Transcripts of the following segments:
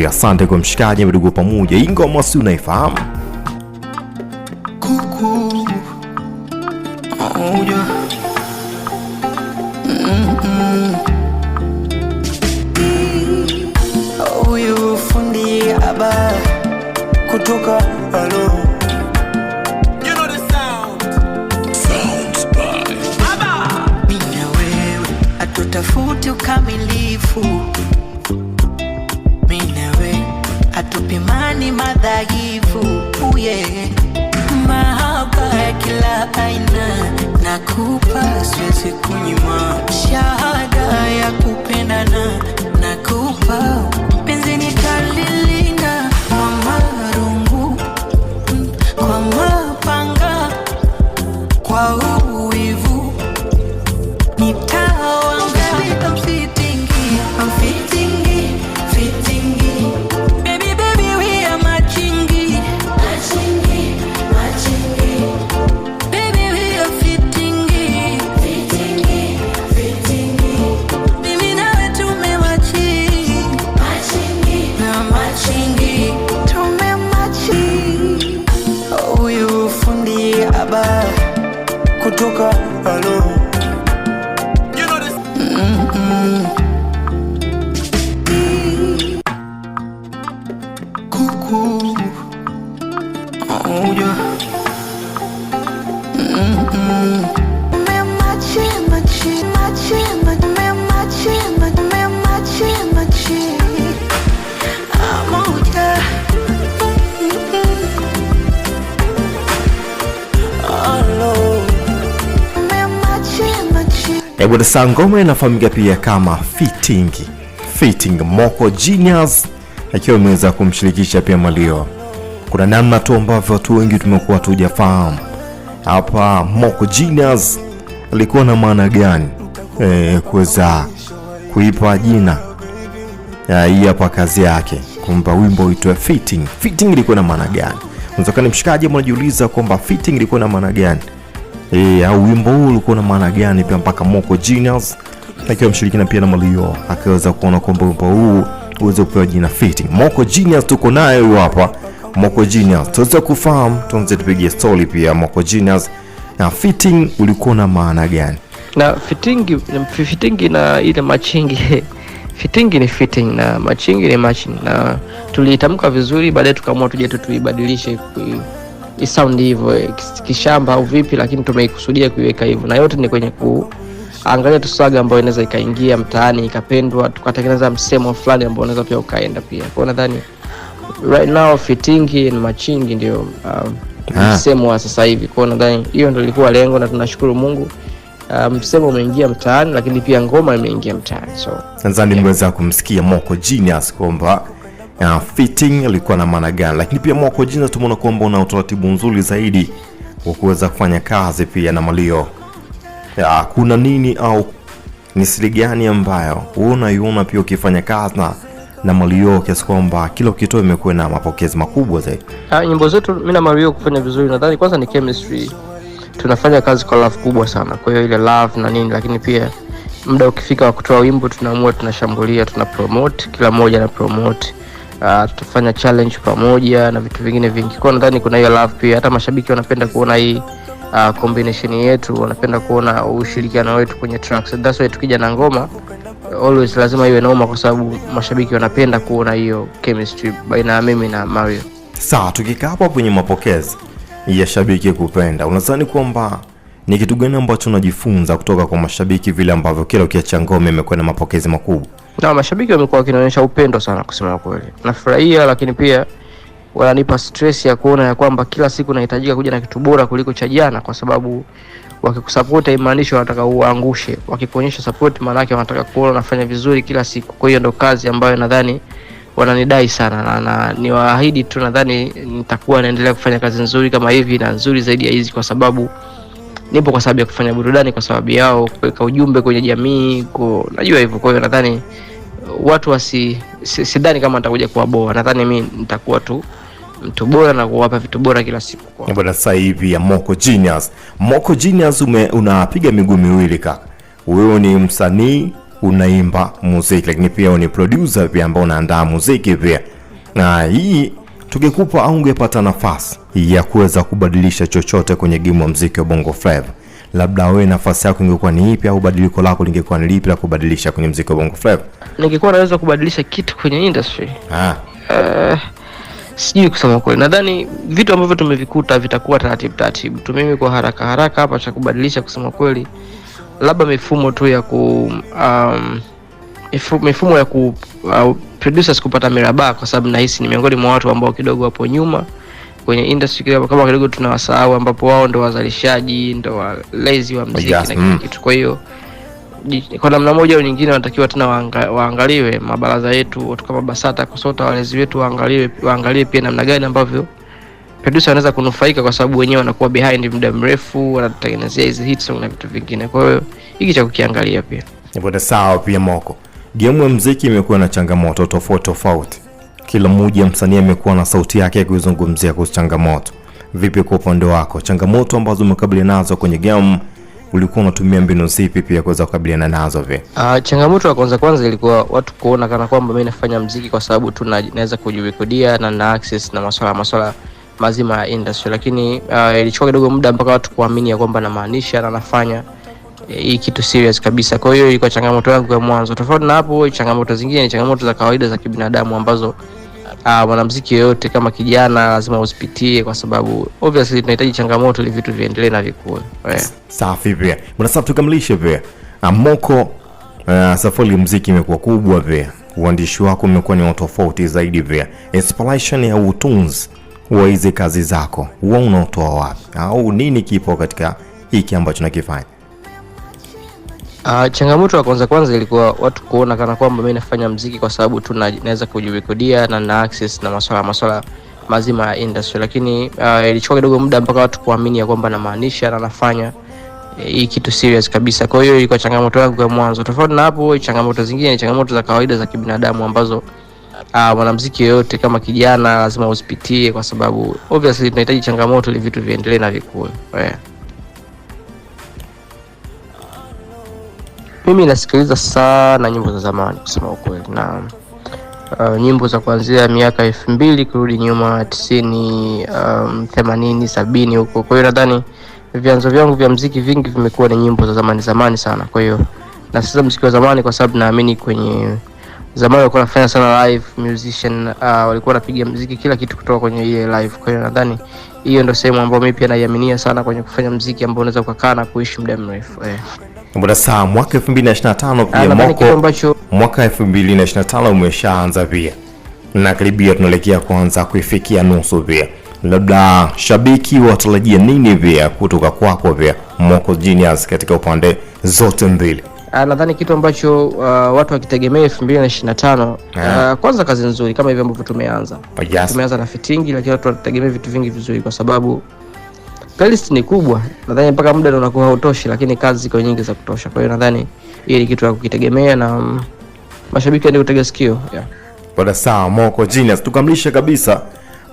vipi? Asante kwa mshikaji, midugu pamoja. Hii ngoma si unaifahamu? Mm-hmm. tafuti ukamilifu madhaifu uye mahaba ya kila aina kupa siwezi kunyima shahada ya kupendana na penzi ni kalilina kwa marungu kwa mapanga kwa uwivu kutoka alo you know this. Mm Mmm. oh, yeah. Bwana Sangoma inafahamika pia kama Fitting Fitting Moko Genius, akiwa ameweza kumshirikisha pia Malio. Kuna namna tu ambavyo watu wengi tumekuwa tujafahamu hapa Moko Genius alikuwa na maana gani e, kuweza kuipa jina hii hapa kazi yake kwamba wimbo uitwe Fitting. Fitting ilikuwa na maana gani? Unaweza kani mshikaji, kwamba Fitting ilikuwa na maana gani? e, au wimbo huu ulikuwa na maana gani pia mpaka Moko Genius akiwa mshirikina pia na Malio akaweza kuona kwamba wimbo huu uweze kupewa jina fitting Moko Genius tuko naye huyu hapa. Moko Genius tuweza kufahamu, tuanze tupige story pia Moko Genius na fitting ulikuwa na maana gani? Na fitting fitting na ile machingi fitting ni fitting na machingi ni machingi, na tuliitamka vizuri, baadaye tukaamua tuje tu tuibadilishe sound hivyo eh, kishamba au vipi, lakini tumeikusudia kuiweka hivyo, na yote ni kwenye kuangalia tusaga ambayo inaweza ikaingia mtaani ikapendwa, tukatengeneza msemo fulani ambao unaweza pia ukaenda pia kwao. Nadhani right now fitingi na machingi ndio um, ah. msemo wa sasa hivi kwao. Nadhani hiyo ndio ilikuwa lengo, na tunashukuru Mungu um, msemo um, umeingia mtaani, lakini pia ngoma imeingia mtaani so nadhani yeah. Mmeweza kumsikia Moko Genius kwamba uh, fitting ilikuwa na maana gani, lakini pia mwako jina tumeona kwamba una utaratibu mzuri zaidi wa kuweza kufanya kazi pia na malio Uh, kuna nini au ni siri gani ambayo unaiona pia ukifanya kazi na na Mario kiasi kwamba kila ukitoa imekuwa na mapokezi makubwa zaidi? Ah, nyimbo zetu mimi na Mario kufanya vizuri, nadhani kwanza ni chemistry. Tunafanya kazi kwa love kubwa sana, kwa hiyo ile love na nini, lakini pia muda ukifika wa kutoa wimbo, tunaamua tunashambulia, tuna promote, kila mmoja na promote uh, tutafanya challenge pamoja na vitu vingine vingi. Kwa nadhani kuna hiyo love pia, hata mashabiki wanapenda kuona hii uh, combination yetu, wanapenda kuona ushirikiano wetu kwenye tracks. That's why tukija na ngoma always lazima iwe noma, kwa sababu mashabiki wanapenda kuona hiyo chemistry baina ya mimi na Mario. Sawa, tukikaa hapo kwenye mapokezi ya shabiki kupenda, unadhani kwamba ni kitu gani ambacho unajifunza kutoka kwa mashabiki, vile ambavyo kila ukiacha ngome imekuwa na mapokezi makubwa? Na mashabiki wamekuwa wakinionyesha upendo sana, kusema kweli nafurahia, lakini pia wananipa stress ya kuona ya kwamba kila siku nahitajika kuja na kitu bora kuliko cha jana, kwa sababu wakikusupport haimaanishi wanataka uangushe. Wakikuonyesha support, maana yake wanataka kuona unafanya vizuri kila siku. Kwa hiyo ndo kazi ambayo nadhani wananidai sana na, na niwaahidi tu, nadhani nitakuwa naendelea kufanya kazi nzuri kama hivi na nzuri zaidi ya hizi, kwa sababu nipo kwa sababu ya kufanya burudani, kwa sababu yao, kuweka ujumbe kwenye jamii, kwa najua hivyo. Kwa hiyo nadhani uh, watu wasi, sidhani kama nitakuja kuwa bora, nadhani mi nitakuwa tu mtu bora na kuwapa vitu bora kila siku. Bwana sasa hivi ya Moko Genius, Moko Genius unapiga miguu miwili kaka, wewe ni msanii unaimba muziki, lakini pia ni producer pia ambao unaandaa muziki pia, na hii tungekupa au ungepata nafasi ya kuweza kubadilisha chochote kwenye gimu ya muziki wa Bongo Flava, labda wewe nafasi yako ingekuwa ni ipi, au badiliko lako lingekuwa ni lipi la kubadilisha kwenye muziki wa Bongo Flava? Ningekuwa naweza kubadilisha kitu kwenye industry ah, uh, sijui kusema kweli, nadhani vitu ambavyo tumevikuta vitakuwa taratibu taratibu tu. Mimi kwa haraka haraka hapa cha kubadilisha kusema kweli, labda mifumo tu ya ku um, mifumo ya ku uh, producers kupata miraba, kwa sababu nahisi ni miongoni mwa watu ambao kidogo wapo nyuma kwenye industry kama kidogo tunawasahau, ambapo wao ndo wazalishaji ndo walezi wa muziki na kila mm. kitu. Kwa hiyo kwa namna moja au nyingine wanatakiwa tena waanga, waangaliwe mabaraza yetu, watu kama Basata, KOSOTA, walezi wetu waangaliwe, waangalie pia namna gani ambavyo producer wanaweza kunufaika, kwa sababu wenyewe wanakuwa behind muda mrefu, wanatengenezea hizi hits na vitu vingine. Kwa hiyo hiki cha kukiangalia pia ni sawa pia moko Gemu ya mziki imekuwa na changamoto tofauti tofauti, kila mmoja msanii amekuwa na sauti yake ya kuizungumzia kuhusu changamoto. Vipi kwa upande wako, changamoto ambazo umekabiliana nazo kwenye gemu, ulikuwa unatumia mbinu zipi pia kuweza kukabiliana nazo? Vile uh, ah, changamoto ya kwanza kwanza ilikuwa watu kuona kana kwamba mimi nafanya mziki kwa sababu tu naweza kujirekodia na na access na masuala masuala mazima ya industry, lakini uh, ilichukua kidogo muda mpaka watu kuamini ya kwamba namaanisha na nafanya hii kitu serious kabisa. Kwa hiyo ilikuwa changamoto yangu ya mwanzo. Tofauti na hapo, changamoto zingine ni changamoto za kawaida za kibinadamu ambazo uh, mwanamuziki yoyote kama kijana lazima usipitie, kwa sababu obviously tunahitaji changamoto ili vitu viendelee na vikue. Yeah. Safi pia bwana, sasa tukamilishe pia Amoko. Ah, uh, ah, safari muziki imekuwa kubwa pia, uandishi wako umekuwa ni tofauti zaidi pia, inspiration ya utunz wa hizi kazi zako huwa unaotoa wapi, au nini kipo katika hiki ambacho nakifanya? Uh, changamoto ya kwanza kwanza ilikuwa watu kuona kana kwamba mimi nafanya mziki kwa sababu tu naweza kujirekodia na na access na masuala masuala mazima ya industry, lakini uh, ilichukua kidogo muda mpaka watu kuamini ya kwamba namaanisha na nafanya eh, hii kitu serious kabisa. Kwa hiyo ilikuwa changamoto yangu ya mwanzo. Tofauti na hapo, changamoto zingine ni changamoto za kawaida za kibinadamu ambazo uh, ah, mwanamuziki yoyote kama kijana lazima uzipitie, kwa sababu obviously tunahitaji changamoto ili vitu viendelee na vikue. Yeah. Mimi nasikiliza sana nyimbo za zamani kusema ukweli, na uh, nyimbo za kuanzia miaka elfu mbili kurudi nyuma, tisini, um, themanini, sabini huko. Kwa hiyo nadhani vyanzo vyangu vya mziki vingi vimekuwa ni nyimbo za zamani zamani sana. Kwa hiyo nasikiliza mziki wa zamani kwa sababu naamini kwenye zamani walikuwa nafanya sana live musician, uh, walikuwa wanapiga mziki kila kitu kutoka kwenye ile live. Kwa hiyo nadhani hiyo ndio sehemu ambayo mi pia naiaminia sana kwenye kufanya mziki ambao unaweza ukakaa na kuishi muda mrefu eh. Mbona saa mwaka 2025 pia mwako ah, mwaka 2025 umeshaanza pia na karibia tunaelekea kuanza kuifikia nusu pia, labda shabiki watarajia nini pia kutoka kwako pia Moko Genius katika upande zote mbili? Ah, nadhani kitu ambacho uh, watu wakitegemea 2025 yeah. Uh, kwanza kazi nzuri kama hivyo ambavyo tumeanza yes. Tumeanza na fitingi, lakini watu wanategemea vitu vingi vizuri kwa sababu playlist ni kubwa, nadhani mpaka muda unakuwa hautoshi, lakini kazi ziko nyingi za kutosha. Kwa hiyo nadhani hii ni kitu ya kukitegemea na um, mashabiki ndio kutega sikio yeah. Bada sawa, Moko Genius, tukamilishe kabisa.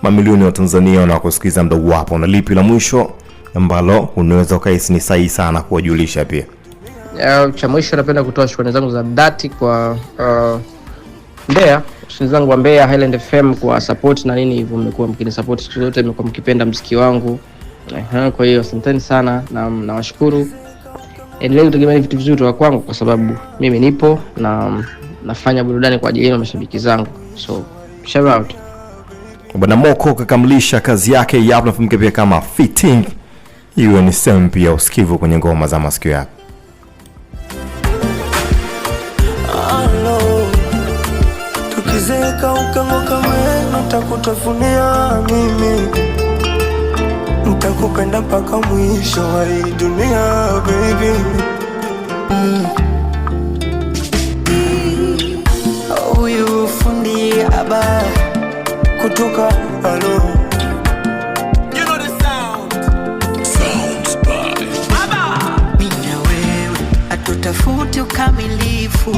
Mamilioni wa Tanzania wanakusikiliza muda wapo, na lipi la mwisho ambalo unaweza ukahisi ni sahihi sana kuwajulisha pia? yeah, cha mwisho napenda kutoa shukrani zangu za dhati kwa uh, mbea shukrani zangu wa mbea Highland FM kwa support na nini hivyo, mmekuwa mkinisupport siku zote, mmekuwa mkipenda mziki wangu kwa hiyo asanteni sana na nawashukuru, endelee kutegemea vitu vizuri kutoka kwangu, kwa sababu mimi nipo na nafanya burudani kwa ajili ya mashabiki zangu, so shout out Bwana Moko kakamlisha kazi yake yapo, nafahamika pia kama fitting. Hiyo ni sehemu pia usikivu kwenye ngoma za masikio yako. Tukizeeka mimi Nitakupenda mpaka mwisho wa hii dunia baby. Mm. fundi aba kutoka alo you know the sound. Sounds by. Mina wewe atutafuti ukamilifu